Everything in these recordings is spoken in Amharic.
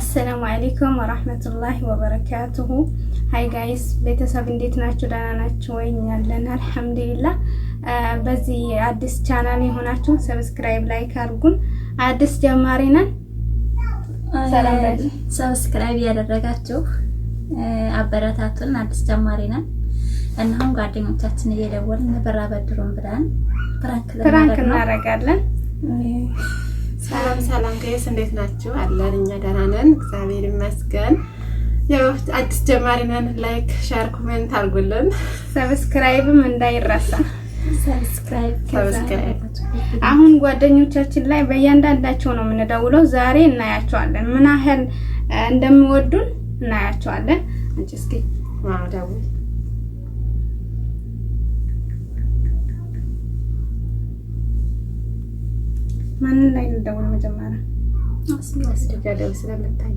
አሰላሙ አሌይኩም ወራህመቱላሂ ወበረካቱሁ። ሀይ ጋይስ ቤተሰብ እንዴት ናችሁ? ደህና ናችሁ ወይ? እኛ አለን አልሐምዱሊላህ። በዚህ አዲስ ቻናል የሆናችሁ ሰብስክራይብ፣ ላይክ አድርጉን። አዲስ ጀማሪ ነን። ሰብስክራይብ ያደረጋችሁ አበረታቱን። አዲስ ጀማሪ ነን። እናሁን ጓደኞቻችን እየደወልን ብር አበድሩን ብለን ፕራንክ እናደርጋለን። ሰላም ሰላም፣ ከየስ እንዴት ናችሁ? አለን እኛ ደህና ነን፣ እግዚአብሔር ይመስገን። ያው አዲስ ጀማሪ ነን። ላይክ፣ ሼር፣ ኮሜንት አድርጉልን። ሰብስክራይብም እንዳይረሳ ሰብስክራይብ። አሁን ጓደኞቻችን ላይ በእያንዳንዳቸው ነው የምንደውለው። ዛሬ እናያቸዋለን፣ ምን ያህል እንደሚወዱን እናያቸዋለን። አንቺ እስኪ ደውል ማንን ላይ እንደውል መጀመሪያ አስደጃደው ስለምታኛ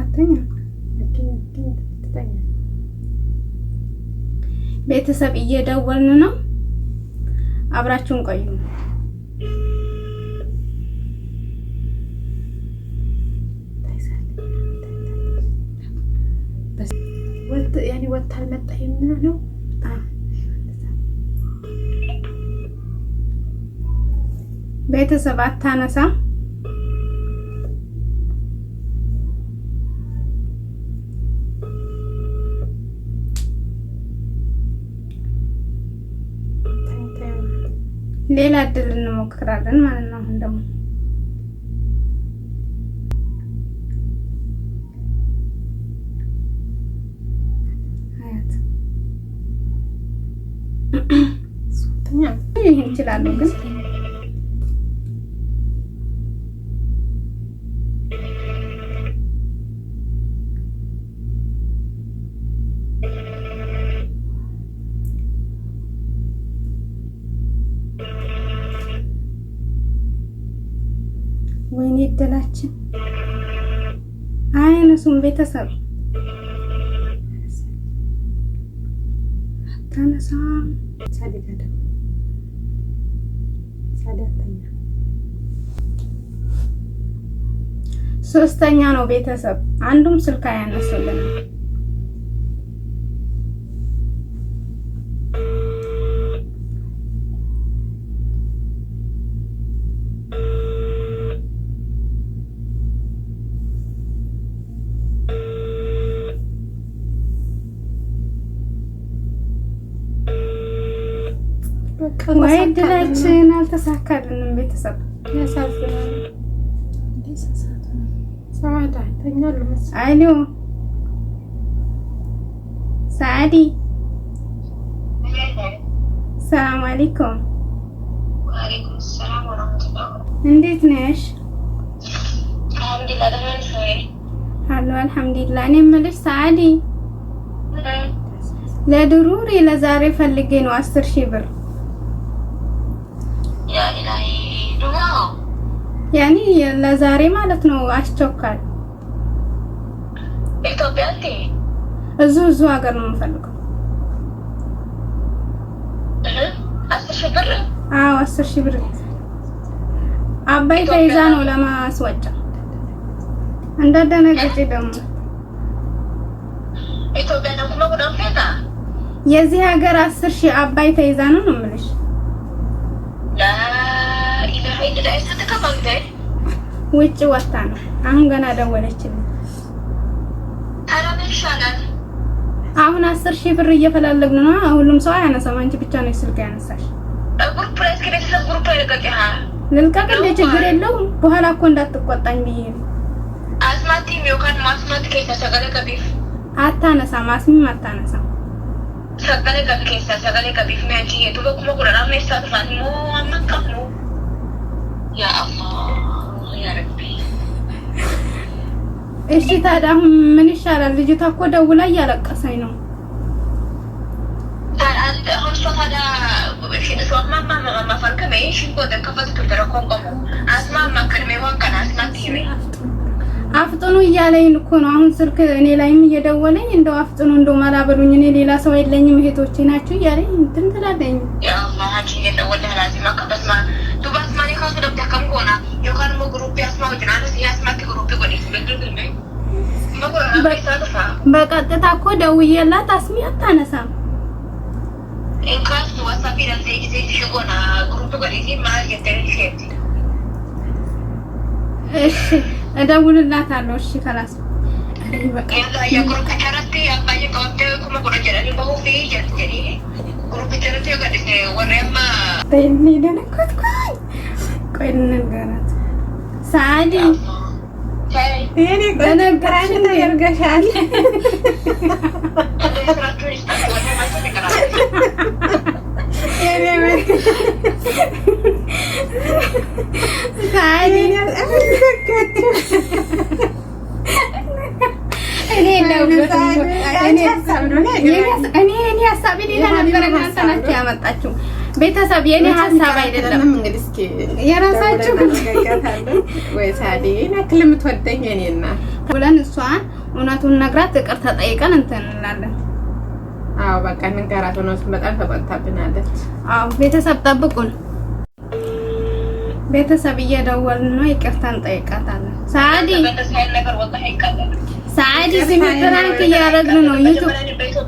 አተኛ ቤተሰብ እየደወልን ነው። አብራችሁን ቆዩ። ወታል መጣ ወጥ ነው ቤተሰብ አታነሳም። ሌላ እድል እንሞክራለን ማለት ነው። አሁን ደግሞ ይህን ይችላሉ ግን ወይኔ እድላችን አያነሱም። ቤተሰብ አታነሳም። ሶስተኛ ነው ቤተሰብ አንዱም ስልክ አያነሱልንም። ወይ ድላችን አልተሳካልንም። ቤተሰብ ያሳዝናል። አሎ ሰላም አለይኩም። እንዴት ነሽ? አሎ አልሐምዱሊላህ። እኔ የምልሽ ሰዓዲ ለድሩሪ ለዛሬ ፈልጌ ነው አስር ሺህ ብር ያኔ ለዛሬ ማለት ነው። አስቸኳይ ኢትዮጵያ እዙ እዙ ሀገር ነው የምፈልገው። አዎ አስር ሺህ ብር አባይ ተይዛ ነው ለማስወጫ። እንዳደነገጭ ደግሞ የዚህ ሀገር አስር ሺህ አባይ ተይዛ ነው ነው የምልሽ ውጭ ወጣ ነው። አሁን ገና ደወለችልኝ። አሁን አስር ሺህ ብር እየፈላለግን ነው። ሁሉም ሰው አያነሳም። አንቺ ብቻ ነው ስልክ ያነሳሽ። ልልቀቅ እንደ ችግር የለውም። በኋላ እኮ እንዳትቆጣኝ ብዬ ነው። አታነሳም፣ አስሚም አታነሳም። ሰቀለ እሺ ታዲያ ምን ይሻላል? ልጅቷ እኮ ደውላ እያለቀሰኝ ነው። አፍጥኑ እያለኝ እኮ ነው አሁን ስልክ እኔ ላይም እየደወለኝ እንደው አፍጥኑ እንደው መላ በሉኝ፣ እኔ ሌላ ሰው የለኝም እህቶቼ ናቸው እያለኝ እንትን ትላለኝ በቀጥታ እኮ ደውዬላት አስሚ አታነሳም። እሺ እደውልላታለሁ። እሺ ከላስ ቆይ እንንገራት ሳዲ እኔ በነገራሽ ተደርገሻል። እኔ ሀሳብ ሌላ ነበረ፣ እናንተ ናችሁ ያመጣችሁ ቤተሰብ የኔ ሀሳብ አይደለም። እንግዲህ እስኪ የራሳችሁ ወይስ አዴን ያክል የምትወደኝ የኔና ብለን እሷን እውነቱን ነግራት እቅር ተጠይቀን እንትን እንላለን። አዎ በቃ እንንገራት። እውነቱን በጣም ተቆጥታብናለች። አዎ ቤተሰብ ጠብቁን። ቤተሰብ እየደወልን ነው። ይቅርታ እንጠይቃታለን። ሳዲ ሳዲ ዝም ብለን እያደረግን ነው ዩቱብ